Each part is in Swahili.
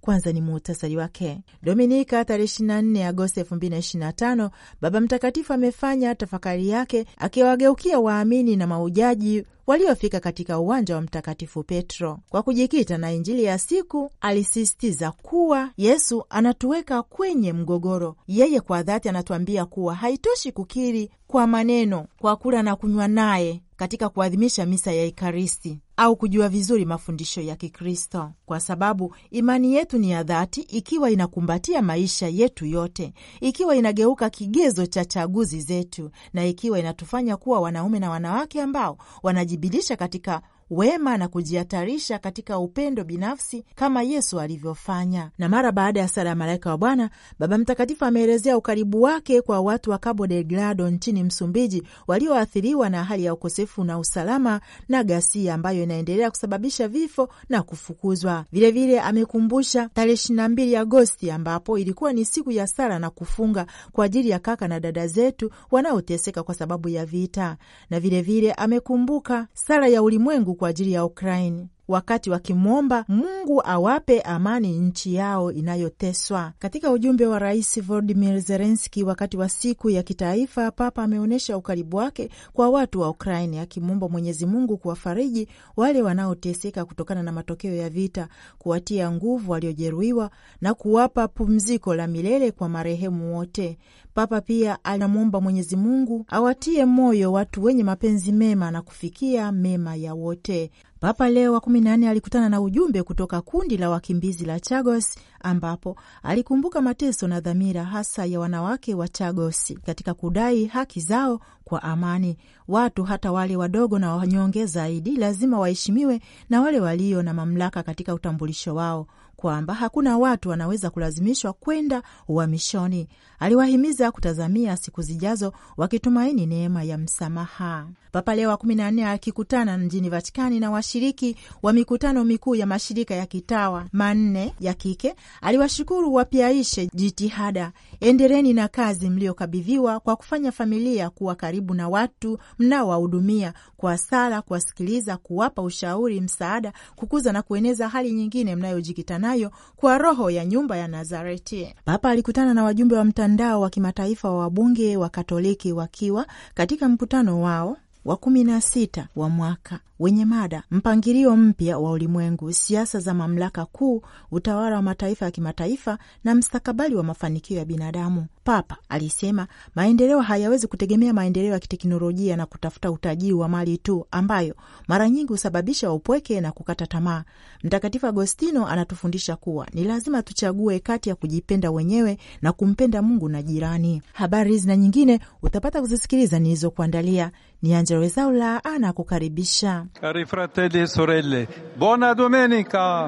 kwanza ni muhtasari wake. Dominika tarehe 24 Agosti 2025, Baba Mtakatifu amefanya tafakari yake akiwageukia waamini na maujaji waliofika katika uwanja wa Mtakatifu Petro. Kwa kujikita na Injili ya siku, alisisitiza kuwa Yesu anatuweka kwenye mgogoro. Yeye kwa dhati anatuambia kuwa haitoshi kukiri kwa maneno, kwa kula na kunywa naye katika kuadhimisha misa ya Ekaristi au kujua vizuri mafundisho ya Kikristo, kwa sababu imani yetu ni ya dhati ikiwa inakumbatia maisha yetu yote, ikiwa inageuka kigezo cha chaguzi zetu, na ikiwa inatufanya kuwa wanaume na wanawake ambao wanajibilisha katika wema na kujihatarisha katika upendo binafsi kama Yesu alivyofanya. Na mara baada ya sala ya malaika wa Bwana, Baba Mtakatifu ameelezea ukaribu wake kwa watu wa Cabo Delgado nchini Msumbiji walioathiriwa na hali ya ukosefu na usalama na ghasia ambayo inaendelea kusababisha vifo na kufukuzwa. Vilevile amekumbusha tarehe 22 Agosti ambapo ilikuwa ni siku ya sala na kufunga kwa ajili ya kaka na dada zetu wanaoteseka kwa sababu ya vita, na vilevile amekumbuka sala ya ulimwengu kwa ajili ya ukraine wakati wakimwomba Mungu awape amani nchi yao inayoteswa. Katika ujumbe wa Rais Volodimir Zelenski wakati wa siku ya kitaifa, Papa ameonyesha ukaribu wake kwa watu wa Ukraini, akimwomba Mwenyezi Mungu kuwafariji wale wanaoteseka kutokana na matokeo ya vita, kuwatia nguvu waliojeruhiwa na kuwapa pumziko la milele kwa marehemu wote. Papa pia anamwomba Mwenyezi Mungu awatie moyo watu wenye mapenzi mema na kufikia mema ya wote. Papa Leo wa kumi alikutana na ujumbe kutoka kundi la wakimbizi la Chagos ambapo alikumbuka mateso na dhamira hasa ya wanawake wa Chagos katika kudai haki zao kwa amani. Watu hata wale wadogo na wanyonge zaidi lazima waheshimiwe na wale walio na mamlaka katika utambulisho wao, kwamba hakuna watu wanaweza kulazimishwa kwenda uhamishoni. Aliwahimiza kutazamia siku zijazo wakitumaini neema ya msamaha. Papa Leo wa kumi na nne akikutana mjini Vatikani na washiriki wa mikutano mikuu ya mashirika ya kitawa manne ya kike aliwashukuru wapiaishe jitihada endereni na kazi mliokabidhiwa kwa kufanya familia kuwa karibu na watu mnaowahudumia kwa sala, kuwasikiliza, kuwapa ushauri, msaada, kukuza na kueneza hali nyingine mnayojikita nayo kwa roho ya nyumba ya Nazareti. Papa alikutana na wajumbe wa mtandao wa kimataifa wa wabunge wa Katoliki wakiwa katika mkutano wao wa kumi na sita wa mwaka wenye mada mpangilio mpya wa ulimwengu, siasa za mamlaka kuu, utawala wa mataifa ya kimataifa na mstakabali wa mafanikio ya binadamu. Papa alisema maendeleo hayawezi kutegemea maendeleo ya kiteknolojia na kutafuta utajiri wa mali tu, ambayo mara nyingi husababisha upweke na kukata tamaa. Mtakatifu Agostino anatufundisha kuwa ni lazima tuchague kati ya kujipenda wenyewe na kumpenda Mungu na jirani. Habari hizi na nyingine utapata kuzisikiliza nilizokuandalia. Ni Angella Rwezaula anakukaribisha. Cari fratelli e sorelle, buona domenica!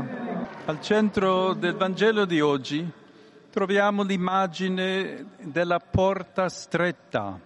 Al centro del Vangelo di oggi troviamo l'immagine della porta stretta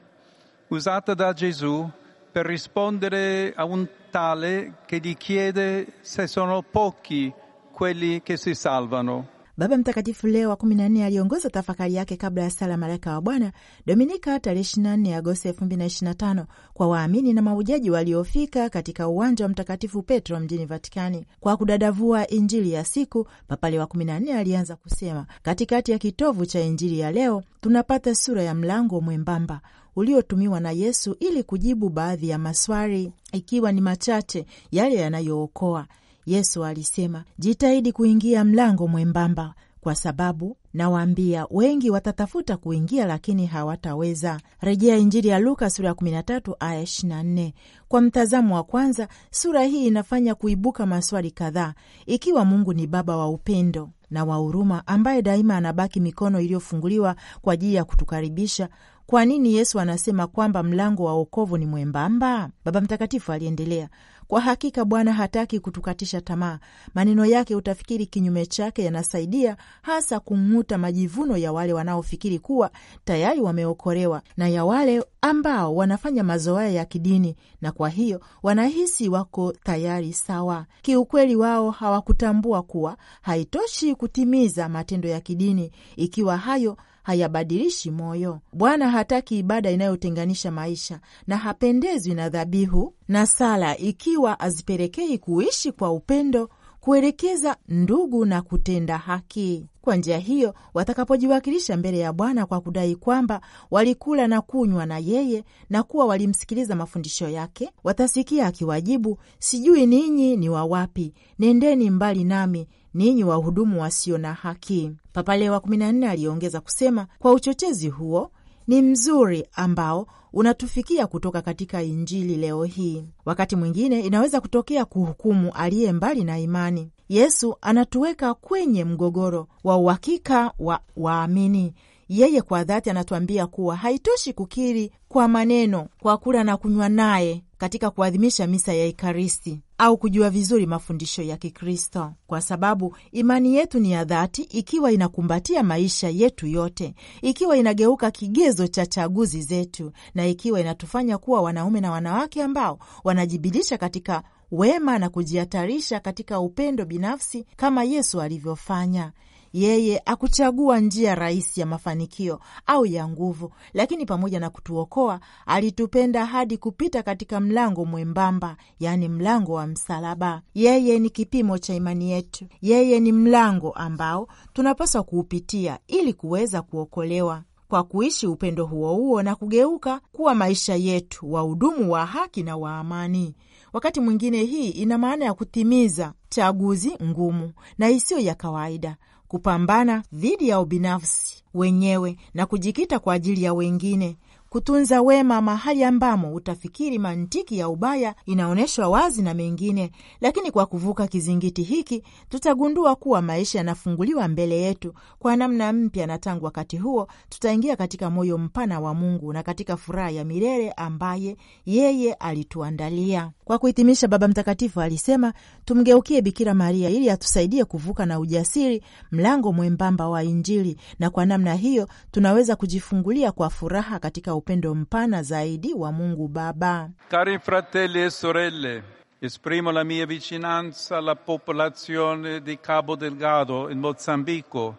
usata da Gesù per rispondere a un tale che gli chiede se sono pochi quelli che si salvano. Baba Mtakatifu Leo wa 14 aliongoza tafakari yake kabla ya sala malaika wa Bwana Dominika tarehe 24 Agosti elfu kwa waamini na mahujaji waliofika katika uwanja wa Mtakatifu Petro mjini Vatikani. Kwa kudadavua Injili ya siku, Papa Leo wa 14 alianza kusema, katikati ya kitovu cha Injili ya leo tunapata sura ya mlango mwembamba uliotumiwa na Yesu ili kujibu baadhi ya maswali, ikiwa ni machache yale yanayookoa Yesu alisema, jitahidi kuingia mlango mwembamba, kwa sababu nawaambia wengi watatafuta kuingia, lakini hawataweza. Rejea Injili ya Luka sura ya 13 aya 24. Kwa mtazamo wa kwanza, sura hii inafanya kuibuka maswali kadhaa, ikiwa Mungu ni Baba wa upendo na wa huruma ambaye daima anabaki mikono iliyofunguliwa kwa ajili ya kutukaribisha. Kwa nini Yesu anasema kwamba mlango wa wokovu ni mwembamba? Baba Mtakatifu aliendelea, kwa hakika Bwana hataki kutukatisha tamaa. Maneno yake utafikiri kinyume chake yanasaidia hasa kung'uta majivuno ya wale wanaofikiri kuwa tayari wameokolewa na ya wale ambao wanafanya mazoea ya kidini na kwa hiyo wanahisi wako tayari sawa. Kiukweli, wao hawakutambua kuwa haitoshi kutimiza matendo ya kidini ikiwa hayo hayabadilishi moyo. Bwana hataki ibada inayotenganisha maisha na hapendezwi na dhabihu na sala ikiwa hazipelekei kuishi kwa upendo, kuelekeza ndugu na kutenda haki. Kwa njia hiyo, watakapojiwakilisha mbele ya Bwana kwa kudai kwamba walikula na kunywa na yeye na kuwa walimsikiliza mafundisho yake, watasikia akiwajibu, sijui ninyi ni wa wapi, nendeni mbali nami, ninyi wahudumu wasio na haki. Papa Leo wa 14 aliongeza kusema, kwa uchochezi huo ni mzuri ambao unatufikia kutoka katika Injili leo hii. Wakati mwingine inaweza kutokea kuhukumu aliye mbali na imani. Yesu anatuweka kwenye mgogoro wa uhakika wa waamini yeye kwa dhati anatuambia kuwa haitoshi kukiri kwa maneno kwa kula na kunywa naye katika kuadhimisha misa ya Ekaristi au kujua vizuri mafundisho ya Kikristo, kwa sababu imani yetu ni ya dhati ikiwa inakumbatia maisha yetu yote, ikiwa inageuka kigezo cha chaguzi zetu, na ikiwa inatufanya kuwa wanaume na wanawake ambao wanajibilisha katika wema na kujihatarisha katika upendo binafsi kama Yesu alivyofanya. Yeye akuchagua njia rahisi ya mafanikio au ya nguvu, lakini pamoja na kutuokoa alitupenda hadi kupita katika mlango mwembamba, yaani mlango wa msalaba. Yeye ni kipimo cha imani yetu. Yeye ni mlango ambao tunapaswa kuupitia ili kuweza kuokolewa. Kwa kuishi upendo huo huo na kugeuka kuwa maisha yetu, wahudumu wa haki na wa amani. Wakati mwingine hii ina maana ya kutimiza chaguzi ngumu na isiyo ya kawaida kupambana dhidi ya ubinafsi wenyewe na kujikita kwa ajili ya wengine kutunza wema mahali ambamo utafikiri mantiki ya ubaya inaonyeshwa wazi na mengine. Lakini kwa kuvuka kizingiti hiki, tutagundua kuwa maisha yanafunguliwa mbele yetu kwa namna mpya, na tangu wakati huo tutaingia katika moyo mpana wa Mungu na katika furaha ya milele ambaye yeye alituandalia. Kwa kuhitimisha, Baba Mtakatifu alisema tumgeukie Bikira Maria ili atusaidie kuvuka na ujasiri mlango mwembamba wa Injili, na kwa namna hiyo tunaweza kujifungulia kwa furaha katika upendo mpana zaidi wa Mungu Baba. Cari fratelli e sorelle, esprimo la mia vicinanza alla popolazione di Cabo Delgado in Mozambico,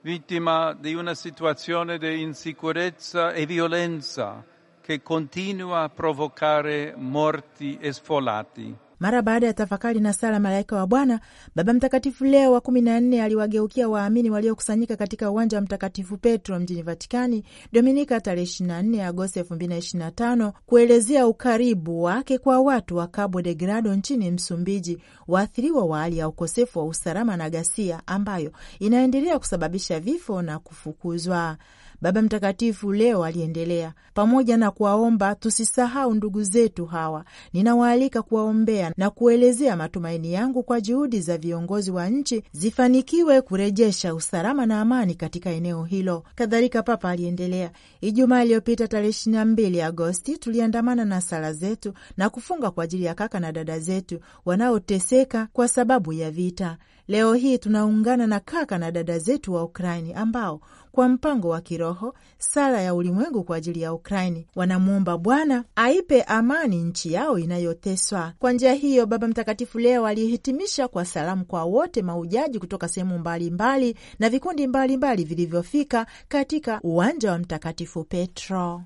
vittima di una situazione di insicurezza e violenza che continua a provocare morti e sfolati. Mara baada ya tafakari na sala malaika wa Bwana, Baba Mtakatifu Leo wa kumi na nne aliwageukia waamini waliokusanyika katika uwanja wa Mtakatifu Petro mjini Vatikani Dominika tarehe nne Agosti tano kuelezea ukaribu wake kwa watu wa Cabo Delgado nchini Msumbiji, waathiriwa wa hali ya ukosefu wa usalama na ghasia ambayo inaendelea kusababisha vifo na kufukuzwa. Baba Mtakatifu leo aliendelea, pamoja na kuwaomba tusisahau ndugu zetu hawa, ninawaalika kuwaombea na kuelezea matumaini yangu kwa juhudi za viongozi wa nchi zifanikiwe kurejesha usalama na amani katika eneo hilo. Kadhalika, Papa aliendelea, Ijumaa iliyopita tarehe 22 Agosti tuliandamana na sala zetu na kufunga kwa ajili ya kaka na dada zetu wanaoteseka kwa sababu ya vita. Leo hii tunaungana na kaka na dada zetu wa Ukraini ambao kwa mpango wa kiroho, sala ya ulimwengu kwa ajili ya Ukraini. Wanamwomba Bwana aipe amani nchi yao inayoteswa. Kwa njia hiyo, Baba Mtakatifu leo alihitimisha kwa salamu kwa wote maujaji kutoka sehemu mbalimbali na vikundi mbalimbali vilivyofika katika uwanja wa Mtakatifu Petro.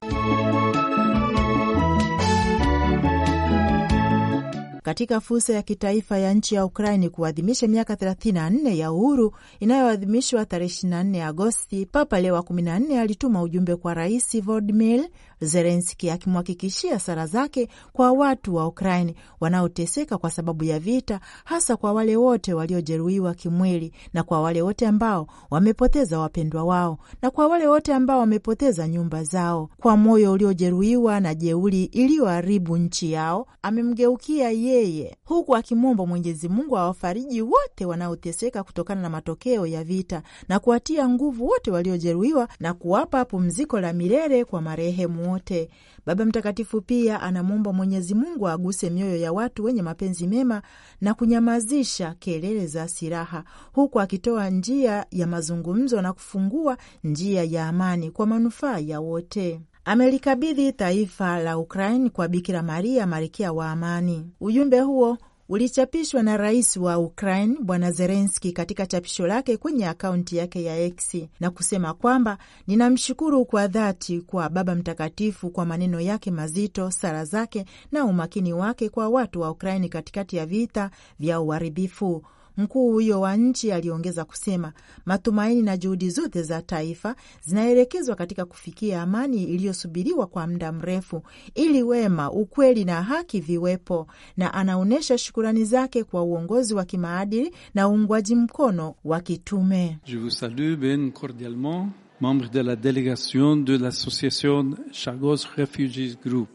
katika fursa ya kitaifa ya nchi ya Ukraini kuadhimisha miaka 34 ya uhuru inayoadhimishwa tarehe 24 Agosti, Papa Leo wa 14 alituma ujumbe kwa Rais Volodimir Zelenski akimhakikishia sara zake kwa watu wa Ukraini wanaoteseka kwa sababu ya vita, hasa kwa wale wote waliojeruhiwa kimwili na kwa wale wote ambao wamepoteza wapendwa wao na kwa wale wote ambao wamepoteza nyumba zao, kwa moyo uliojeruhiwa na jeuri iliyoharibu nchi yao. Amemgeukia yeye huku akimwomba Mwenyezi Mungu awafariji wote wanaoteseka kutokana na matokeo ya vita na kuwatia nguvu wote waliojeruhiwa na kuwapa pumziko la milele kwa marehemu wote. Baba Mtakatifu pia anamwomba Mwenyezi Mungu aguse mioyo ya watu wenye mapenzi mema na kunyamazisha kelele za silaha, huku akitoa njia ya mazungumzo na kufungua njia ya amani kwa manufaa ya wote. Amelikabidhi taifa la Ukraini kwa Bikira Maria, Malkia wa Amani. Ujumbe huo ulichapishwa na rais wa Ukraine Bwana Zelenski katika chapisho lake kwenye akaunti yake ya X na kusema kwamba ninamshukuru kwa dhati kwa Baba Mtakatifu kwa maneno yake mazito, sala zake na umakini wake kwa watu wa Ukraini katikati ya vita vya uharibifu Mkuu huyo wa nchi aliongeza kusema matumaini na juhudi zote za taifa zinaelekezwa katika kufikia amani iliyosubiriwa kwa muda mrefu, ili wema, ukweli na haki viwepo, na anaonyesha shukurani zake kwa uongozi wa kimaadili na uungwaji mkono wa kitume. Je vous salue bien cordialement membre de la de l'association Chagos Refugees Group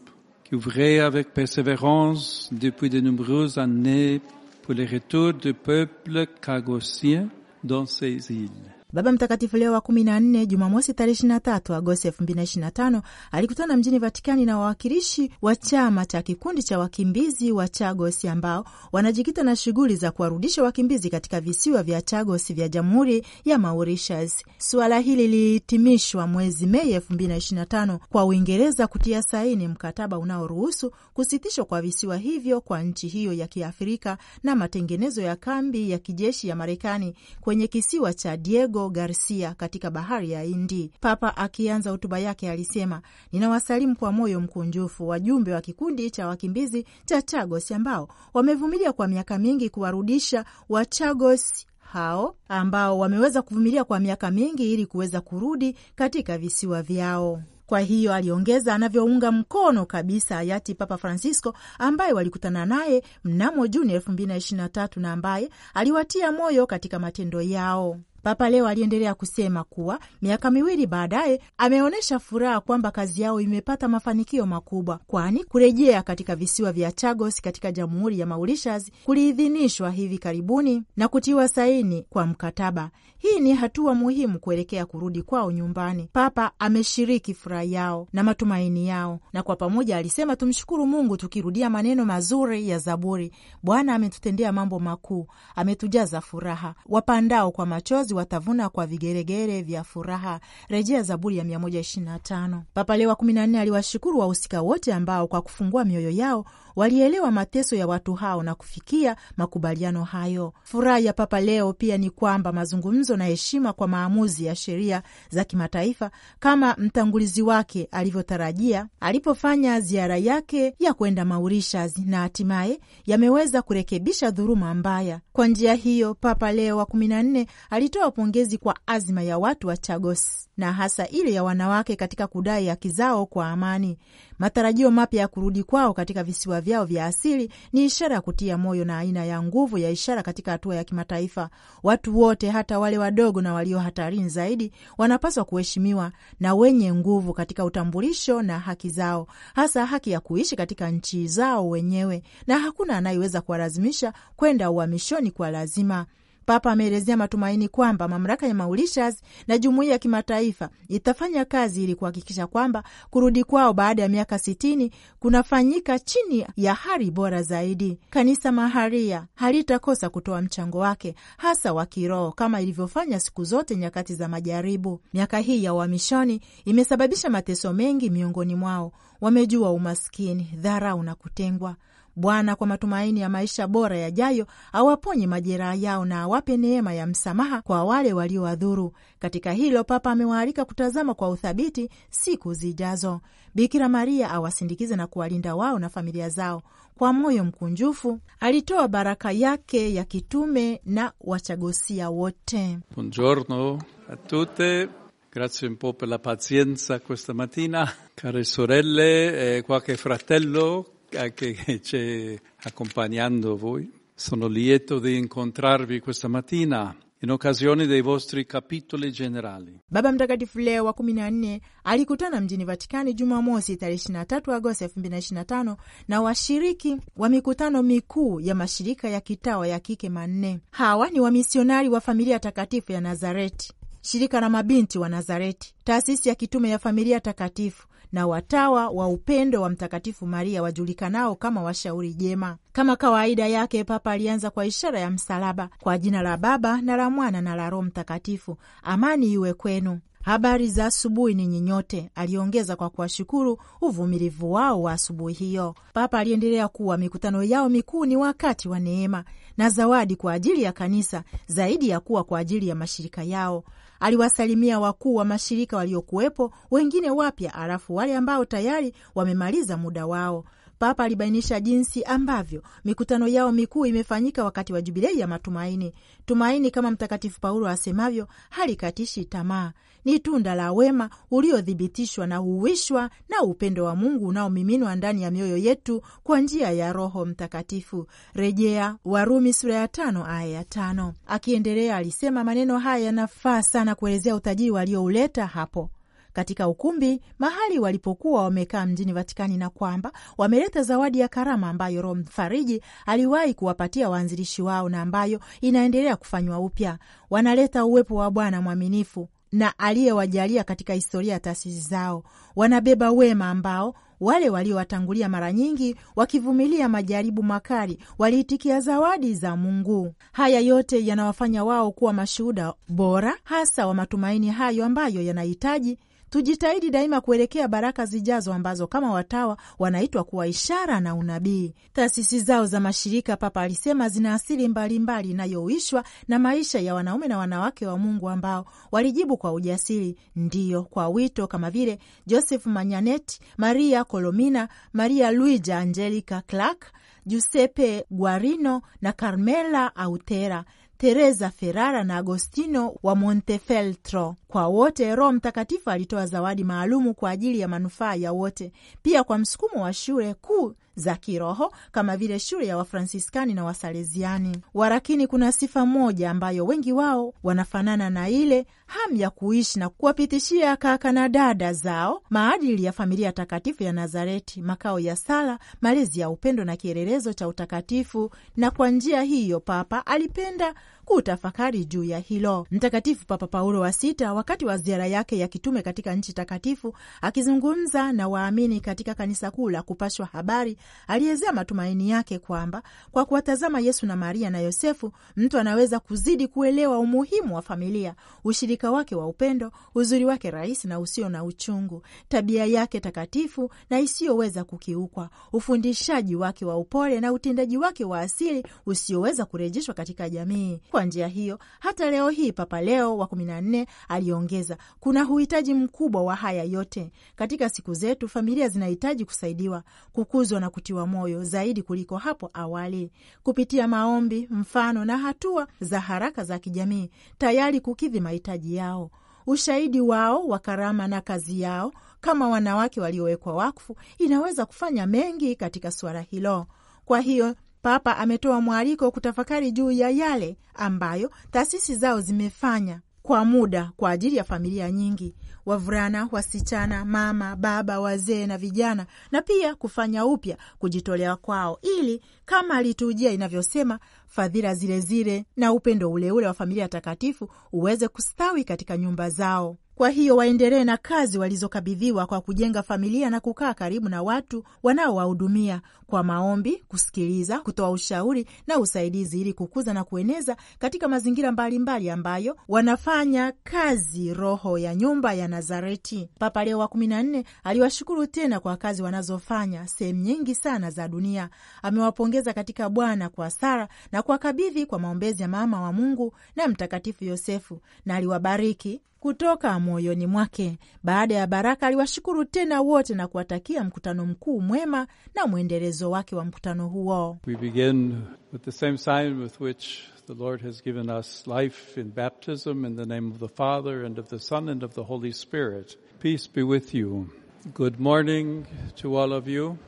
qui ouvrait avec persévérance depuis de nombreuses années pour le retour du peuple cagossien dans ces îles. Baba Mtakatifu Leo wa kumi na nne Jumamosi tarehe 23 Agosti 2025 alikutana mjini Vatikani na wawakilishi wa chama cha kikundi cha wakimbizi wa Chagos ambao wanajikita na shughuli za kuwarudisha wakimbizi katika visiwa vya Chagos vya Jamhuri ya Mauritius. Suala hili lilihitimishwa mwezi Mei 2025 kwa Uingereza kutia saini mkataba unaoruhusu kusitishwa kwa visiwa hivyo kwa nchi hiyo ya Kiafrika na matengenezo ya kambi ya kijeshi ya Marekani kwenye kisiwa cha Diego Garcia katika bahari ya Hindi. Papa akianza hotuba yake alisema, ninawasalimu kwa moyo mkunjufu wajumbe wa kikundi cha wakimbizi cha Chagos ambao wamevumilia kwa miaka mingi kuwarudisha Wachagos hao ambao wameweza kuvumilia kwa miaka mingi ili kuweza kurudi katika visiwa vyao. Kwa hiyo aliongeza anavyounga mkono kabisa hayati Papa Francisco ambaye walikutana naye mnamo Juni 2023 na ambaye aliwatia moyo katika matendo yao. Papa leo aliendelea kusema kuwa miaka miwili baadaye ameonyesha furaha kwamba kazi yao imepata mafanikio makubwa, kwani kurejea katika visiwa vya Chagos katika jamhuri ya Mauritius kuliidhinishwa hivi karibuni na kutiwa saini kwa mkataba. Hii ni hatua muhimu kuelekea kurudi kwao nyumbani. Papa ameshiriki furaha yao na matumaini yao, na kwa pamoja alisema, tumshukuru Mungu tukirudia maneno mazuri ya Zaburi: Bwana ametutendea mambo makuu, ametujaza furaha. Wapandao kwa machozi wanafunzi watavuna kwa vigeregere vya furaha, rejea Zaburi ya 125. Papa Leo wa 14 aliwashukuru wahusika wote ambao kwa kufungua mioyo yao walielewa mateso ya watu hao na kufikia makubaliano hayo. Furaha ya Papa Leo pia ni kwamba mazungumzo na heshima kwa maamuzi ya sheria za kimataifa, kama mtangulizi wake alivyotarajia alipofanya ziara yake ya kwenda Mauritius, na hatimaye yameweza kurekebisha dhuruma mbaya. Kwa njia hiyo, Papa Leo wa 14 alitoa ametoa pongezi kwa azima ya watu wa Chagos na hasa ile ya wanawake katika kudai haki zao kwa amani. Matarajio mapya ya kurudi kwao katika visiwa vyao vya asili ni ishara ya kutia moyo na aina ya nguvu ya ishara katika hatua ya kimataifa. Watu wote, hata wale wadogo na walio hatarini zaidi, wanapaswa kuheshimiwa na wenye nguvu katika utambulisho na haki zao, hasa haki ya kuishi katika nchi zao wenyewe, na hakuna anayeweza kuwalazimisha kwenda uhamishoni kwa lazima. Papa ameelezea matumaini kwamba mamlaka ya Mauritius na jumuiya ya kimataifa itafanya kazi ili kuhakikisha kwamba kurudi kwao baada ya miaka sitini kunafanyika chini ya hali bora zaidi. Kanisa maharia halitakosa kutoa mchango wake, hasa wa kiroho, kama ilivyofanya siku zote nyakati za majaribu. Miaka hii ya uhamishoni imesababisha mateso mengi miongoni mwao. Wamejua umaskini, dharau na kutengwa. Bwana kwa matumaini ya maisha bora yajayo awaponye majeraha yao na awape neema ya msamaha kwa wale waliowadhuru. Katika hilo, Papa amewaalika kutazama kwa uthabiti siku zijazo. Bikira Maria awasindikize na kuwalinda wao na familia zao. Kwa moyo mkunjufu alitoa baraka yake ya kitume na wachagosia wote. Buongiorno a tutte grazie un po per la pazienza questa mattina care sorelle e qualche fratello che c'è accompagnando voi. Sono lieto di incontrarvi questa mattina in occasione dei vostri capitoli generali. Baba Mtakatifu Leo wa 14 alikutana mjini Vatikani Jumamosi tarehe 23 Agosti 2025 na washiriki wa mikutano mikuu ya mashirika ya kitawa ya kike manne. Hawa ni wamisionari wa familia takatifu ya Nazareti, shirika la mabinti wa Nazareti, taasisi ya kitume ya familia takatifu na watawa wa upendo wa Mtakatifu Maria wajulikanao kama washauri jema. Kama kawaida yake, Papa alianza kwa ishara ya msalaba. Kwa jina la Baba na la Mwana na la Roho Mtakatifu, amani iwe kwenu. Habari za asubuhi ninyi nyote, aliongeza kwa kuwashukuru uvumilivu wao wa asubuhi hiyo. Papa aliendelea kuwa mikutano yao mikuu ni wakati wa neema na zawadi kwa ajili ya kanisa, zaidi ya kuwa kwa ajili ya mashirika yao. Aliwasalimia wakuu wa mashirika waliokuwepo, wengine wapya, halafu wale ambao tayari wamemaliza muda wao. Papa alibainisha jinsi ambavyo mikutano yao mikuu imefanyika wakati wa Jubilei ya Matumaini. Tumaini, kama Mtakatifu Paulo asemavyo, halikatishi tamaa, ni tunda la wema uliothibitishwa na uwishwa na upendo wa Mungu unaomiminwa ndani ya mioyo yetu kwa njia ya Roho Mtakatifu, rejea Warumi sura ya tano aya ya tano. Akiendelea alisema maneno haya yanafaa sana kuelezea utajiri waliouleta hapo katika ukumbi mahali walipokuwa wamekaa mjini Vatikani na kwamba wameleta zawadi ya karama ambayo Roho Mfariji aliwahi kuwapatia waanzilishi wao na ambayo inaendelea kufanywa upya. Wanaleta uwepo wa Bwana mwaminifu na aliyewajalia katika historia ya taasisi zao. Wanabeba wema ambao wale waliowatangulia mara nyingi wakivumilia majaribu makali waliitikia zawadi za Mungu. Haya yote yanawafanya wao kuwa mashuhuda bora hasa wa matumaini hayo ambayo yanahitaji Tujitahidi daima kuelekea baraka zijazo ambazo kama watawa wanaitwa kuwa ishara na unabii. Taasisi zao za mashirika, Papa alisema, zina asili mbalimbali inayoishwa na maisha ya wanaume na wanawake wa Mungu ambao walijibu kwa ujasiri ndiyo kwa wito, kama vile Joseph Manyaneti, Maria Kolomina, Maria Luija Angelica Clark, Giuseppe Guarino na Carmela Autera. Teresa Ferrara na Agostino wa Montefeltro. Kwa wote, Roho Mtakatifu alitoa zawadi maalumu kwa ajili ya manufaa ya wote, pia kwa msukumo wa shule kuu za kiroho kama vile shule ya Wafransiskani na Wasaleziani. Warakini kuna sifa moja ambayo wengi wao wanafanana na ile hamu ya kuishi na kuwapitishia kaka na dada zao maadili ya familia takatifu ya Nazareti, makao ya sala, malezi ya upendo na kielelezo cha utakatifu. Na kwa njia hiyo Papa alipenda kutafakari juu ya hilo. Mtakatifu Papa Paulo wa Sita, wakati wa ziara yake ya kitume katika nchi takatifu, akizungumza na waamini katika kanisa kuu la kupashwa habari, alielezea matumaini yake kwamba kwa kuwatazama Yesu na Maria na Yosefu, mtu anaweza kuzidi kuelewa umuhimu wa familia, ushirika wake wa upendo, uzuri wake rahisi na usio na uchungu, tabia yake takatifu na isiyoweza kukiukwa, ufundishaji wake wa upole na utendaji wake wa asili usioweza kurejeshwa katika jamii. Kwa njia hiyo hata leo hii Papa Leo wa kumi na nne aliongeza, kuna uhitaji mkubwa wa haya yote katika siku zetu. Familia zinahitaji kusaidiwa, kukuzwa na kutiwa moyo zaidi kuliko hapo awali, kupitia maombi, mfano na hatua za haraka za kijamii tayari kukidhi mahitaji yao, ushahidi wao wa karama na kazi yao kama wanawake waliowekwa wakfu inaweza kufanya mengi katika suala hilo. Kwa hiyo Papa ametoa mwaliko kutafakari juu ya yale ambayo taasisi zao zimefanya kwa muda kwa ajili ya familia nyingi, wavulana, wasichana, mama, baba, wazee na vijana, na pia kufanya upya kujitolea kwao, ili kama liturujia inavyosema, fadhila zile zile na upendo uleule wa familia takatifu uweze kustawi katika nyumba zao. Kwa hiyo waendelee na kazi walizokabidhiwa kwa kujenga familia na kukaa karibu na watu wanaowahudumia kwa maombi, kusikiliza, kutoa ushauri na usaidizi, ili kukuza na kueneza katika mazingira mbalimbali ambayo wanafanya kazi roho ya nyumba ya Nazareti. Papa Leo wa kumi na nne aliwashukuru tena kwa kazi wanazofanya sehemu nyingi sana za dunia. Amewapongeza katika Bwana kwa Sara na kuwakabidhi kwa maombezi ya mama wa Mungu na Mtakatifu Yosefu, na aliwabariki kutoka moyoni mwake. Baada ya baraka, aliwashukuru tena wote na kuwatakia mkutano mkuu mwema na mwendelezo wake wa mkutano huo. We begin with the same sign with which the Lord has given us life in baptism in the name of the Father and of the Son and of the Holy Spirit. Peace be with you. Good morning to all of you.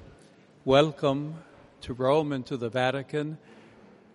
Welcome to Rome and to the Vatican.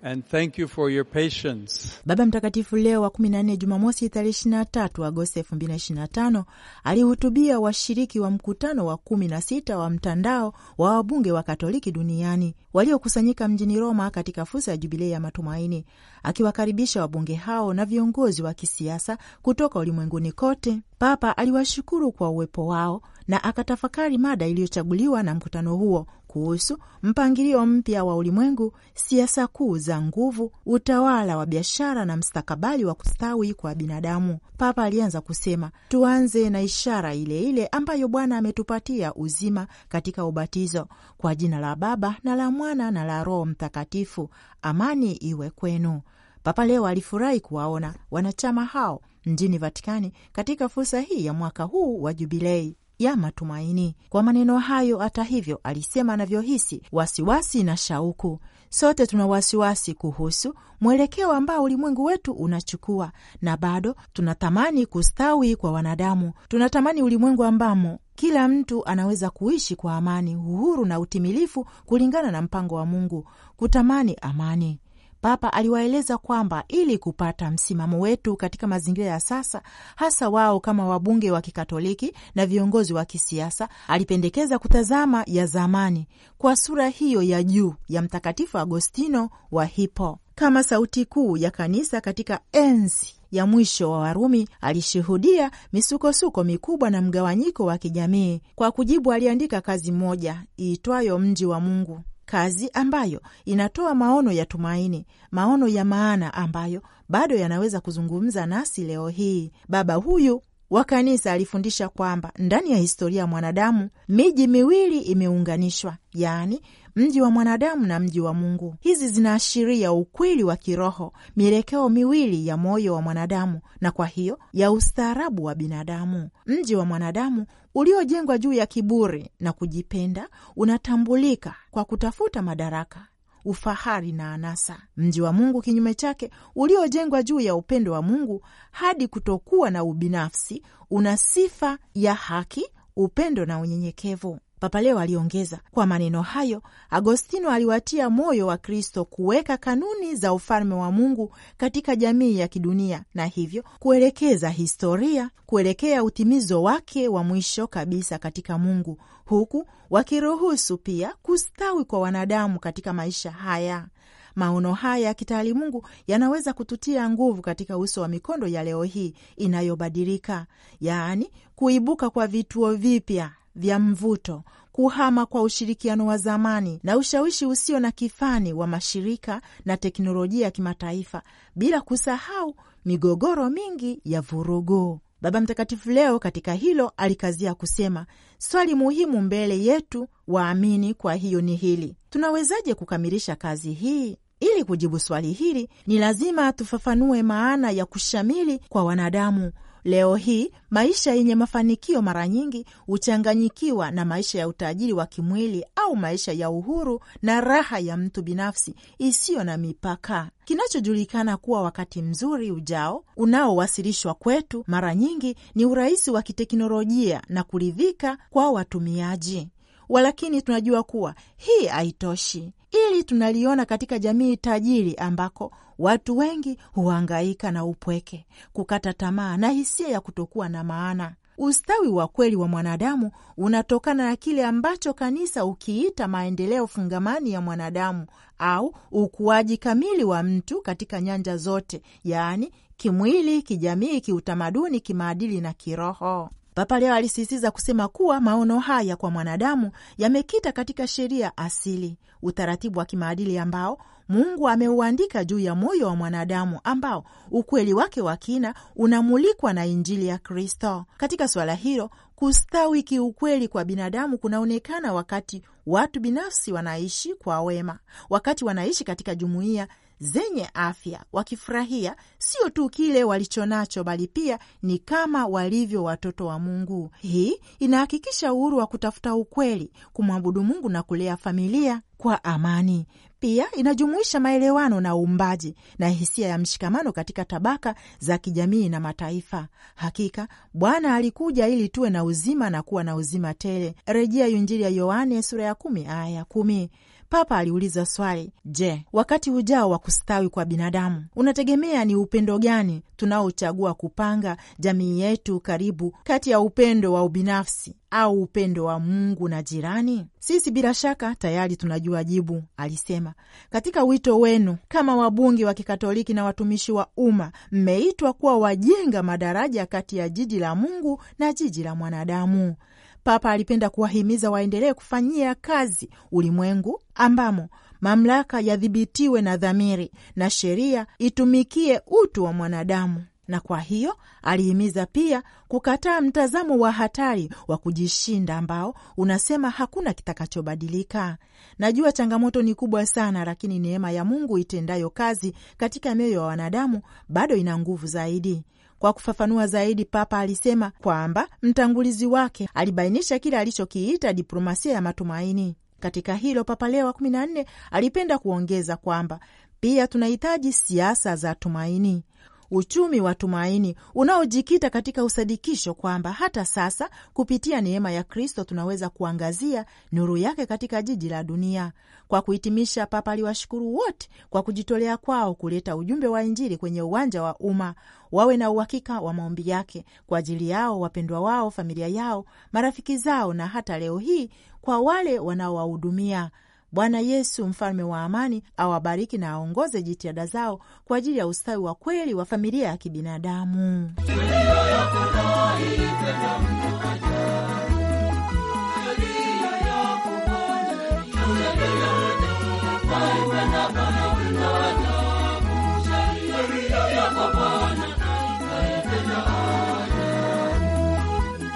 And thank you for your patience. Baba Mtakatifu Leo wa 14 Jumamosi tarehe 23 Agosti 2025 alihutubia washiriki wa mkutano wa 16 wa mtandao wa wabunge wa Katoliki duniani waliokusanyika mjini Roma katika fursa ya Jubilei ya Matumaini, akiwakaribisha wabunge hao na viongozi wa kisiasa kutoka ulimwenguni kote. Papa aliwashukuru kwa uwepo wao na akatafakari mada iliyochaguliwa na mkutano huo kuhusu mpangilio mpya wa ulimwengu, siasa kuu za nguvu, utawala wa biashara na mstakabali wa kustawi kwa binadamu. Papa alianza kusema, tuanze na ishara ile ile ambayo Bwana ametupatia uzima katika ubatizo, kwa jina la Baba na la Mwana na la Roho Mtakatifu. Amani iwe kwenu. Papa leo alifurahi kuwaona wanachama hao mjini Vatikani katika fursa hii ya mwaka huu wa Jubilei ya matumaini. Kwa maneno hayo, hata hivyo, alisema anavyohisi wasiwasi na shauku. Sote tuna wasiwasi kuhusu mwelekeo ambao ulimwengu wetu unachukua, na bado tunatamani kustawi kwa wanadamu. Tunatamani ulimwengu ambamo kila mtu anaweza kuishi kwa amani, uhuru na utimilifu kulingana na mpango wa Mungu, kutamani amani. Papa aliwaeleza kwamba ili kupata msimamo wetu katika mazingira ya sasa, hasa wao kama wabunge wa Kikatoliki na viongozi wa kisiasa, alipendekeza kutazama ya zamani kwa sura hiyo ya juu ya Mtakatifu Agostino wa Hippo kama sauti kuu ya kanisa katika enzi ya mwisho wa Warumi alishuhudia misukosuko mikubwa na mgawanyiko wa kijamii. Kwa kujibu, aliandika kazi moja iitwayo Mji wa Mungu kazi ambayo inatoa maono ya tumaini, maono ya maana ambayo bado yanaweza kuzungumza nasi leo hii. Baba huyu wa kanisa alifundisha kwamba ndani ya historia ya mwanadamu miji miwili imeunganishwa, yaani mji wa mwanadamu na mji wa Mungu. Hizi zinaashiria ukweli wa kiroho, mielekeo miwili ya moyo wa mwanadamu na kwa hiyo ya ustaarabu wa binadamu. Mji wa mwanadamu uliojengwa juu ya kiburi na kujipenda unatambulika kwa kutafuta madaraka ufahari na anasa. Mji wa Mungu kinyume chake, uliojengwa juu ya upendo wa Mungu hadi kutokuwa na ubinafsi, una sifa ya haki, upendo na unyenyekevu. Papa Leo aliongeza kwa maneno hayo, Agostino aliwatia moyo wa Kristo kuweka kanuni za ufalme wa Mungu katika jamii ya kidunia na hivyo kuelekeza historia kuelekea utimizo wake wa mwisho kabisa katika Mungu, huku wakiruhusu pia kustawi kwa wanadamu katika maisha haya. Maono haya ya kitaalimungu yanaweza kututia nguvu katika uso wa mikondo ya leo hii inayobadilika, yaani kuibuka kwa vituo vipya vya mvuto, kuhama kwa ushirikiano wa zamani na ushawishi usio na kifani wa mashirika na teknolojia ya kimataifa, bila kusahau migogoro mingi ya vurugu. Baba Mtakatifu leo katika hilo alikazia kusema, swali muhimu mbele yetu waamini, kwa hiyo ni hili: tunawezaje kukamilisha kazi hii? Ili kujibu swali hili, ni lazima tufafanue maana ya kushamili kwa wanadamu Leo hii maisha yenye mafanikio mara nyingi huchanganyikiwa na maisha ya utajiri wa kimwili au maisha ya uhuru na raha ya mtu binafsi isiyo na mipaka. Kinachojulikana kuwa wakati mzuri ujao unaowasilishwa kwetu mara nyingi ni urahisi wa kiteknolojia na kuridhika kwa watumiaji. Walakini tunajua kuwa hii haitoshi ili tunaliona katika jamii tajiri ambako watu wengi huhangaika na upweke, kukata tamaa na hisia ya kutokuwa na maana. Ustawi wa kweli wa mwanadamu unatokana na kile ambacho kanisa ukiita maendeleo fungamani ya mwanadamu au ukuaji kamili wa mtu katika nyanja zote, yaani kimwili, kijamii, kiutamaduni, kimaadili na kiroho. Papa leo alisisitiza kusema kuwa maono haya kwa mwanadamu yamekita katika sheria asili, utaratibu wa kimaadili ambao Mungu ameuandika juu ya moyo wa mwanadamu ambao ukweli wake wa kina unamulikwa na Injili ya Kristo. Katika suala hilo, kustawi kiukweli kwa binadamu kunaonekana wakati watu binafsi wanaishi kwa wema, wakati wanaishi katika jumuiya zenye afya, wakifurahia sio tu kile walicho nacho, bali pia ni kama walivyo watoto wa Mungu. Hii inahakikisha uhuru wa kutafuta ukweli, kumwabudu Mungu na kulea familia kwa amani. Pia inajumuisha maelewano na uumbaji na hisia ya mshikamano katika tabaka za kijamii na mataifa. Hakika Bwana alikuja ili tuwe na uzima na kuwa na uzima tele, rejea Injili ya Yohane sura ya kumi aya ya kumi. Papa aliuliza swali: Je, wakati ujao wa kustawi kwa binadamu unategemea ni upendo gani tunaochagua kupanga jamii yetu karibu, kati ya upendo wa ubinafsi au upendo wa Mungu na jirani? Sisi bila shaka tayari tunajua jibu, alisema. Katika wito wenu kama wabunge wa Kikatoliki na watumishi wa umma, mmeitwa kuwa wajenga madaraja kati ya jiji la Mungu na jiji la mwanadamu. Papa alipenda kuwahimiza waendelee kufanyia kazi ulimwengu ambamo mamlaka yadhibitiwe na dhamiri na sheria itumikie utu wa mwanadamu na kwa hiyo alihimiza pia kukataa mtazamo wa hatari wa kujishinda ambao unasema hakuna kitakachobadilika. Najua changamoto ni kubwa sana, lakini neema ya Mungu itendayo kazi katika mioyo ya wanadamu bado ina nguvu zaidi. Kwa kufafanua zaidi, Papa alisema kwamba mtangulizi wake alibainisha kile alichokiita diplomasia ya matumaini. Katika hilo, Papa Leo wa kumi alipenda kuongeza kwamba pia tunahitaji siasa za tumaini uchumi wa tumaini unaojikita katika usadikisho kwamba hata sasa kupitia neema ya Kristo tunaweza kuangazia nuru yake katika jiji la dunia. Kwa kuhitimisha, Papa aliwashukuru wote kwa kujitolea kwao kuleta ujumbe wa Injili kwenye uwanja wa umma. Wawe na uhakika wa maombi yake kwa ajili yao, wapendwa wao, familia yao, marafiki zao, na hata leo hii kwa wale wanaowahudumia. Bwana Yesu mfalme wa amani awabariki na aongoze jitihada zao kwa ajili ya ustawi wa kweli wa familia ya kibinadamu.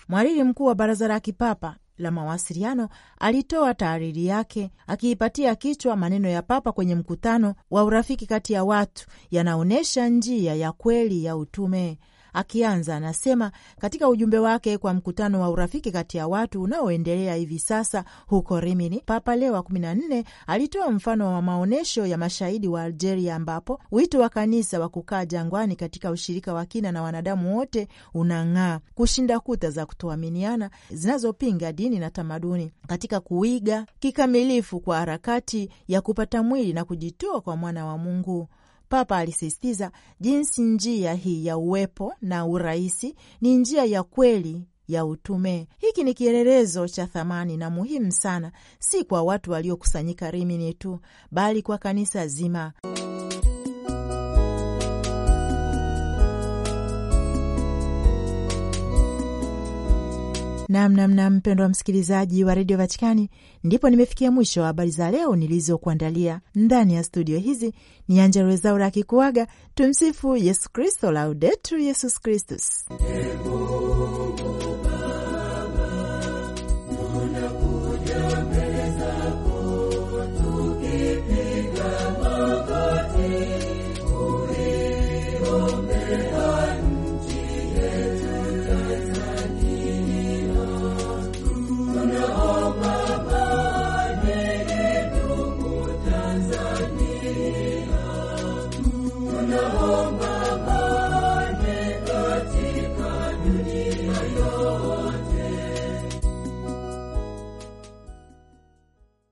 Mhariri mkuu wa Baraza la Kipapa la mawasiliano alitoa tahariri yake akiipatia kichwa maneno ya Papa kwenye mkutano wa urafiki kati ya watu yanaonyesha njia ya kweli ya utume Akianza anasema katika ujumbe wake kwa mkutano wa urafiki kati ya watu unaoendelea hivi sasa huko Rimini, Papa Leo wa kumi na nne alitoa mfano wa maonyesho ya mashahidi wa Algeria, ambapo wito wa kanisa wa kukaa jangwani katika ushirika wa kina na wanadamu wote unang'aa kushinda kuta za kutoaminiana zinazopinga dini na tamaduni, katika kuiga kikamilifu kwa harakati ya kupata mwili na kujitoa kwa mwana wa Mungu. Papa alisisitiza jinsi njia hii ya uwepo na urahisi ni njia ya kweli ya utume. Hiki ni kielelezo cha thamani na muhimu sana, si kwa watu waliokusanyika Rimini tu, bali kwa kanisa zima. Namnamna wa msikilizaji wa redio Vatikani, ndipo nimefikia mwisho wa habari za leo nilizokuandalia ndani ya studio hizi. Ni Anja Rwezaura akikuaga. Tumsifu Yesu Kristo, Laudetur Yesus Kristus.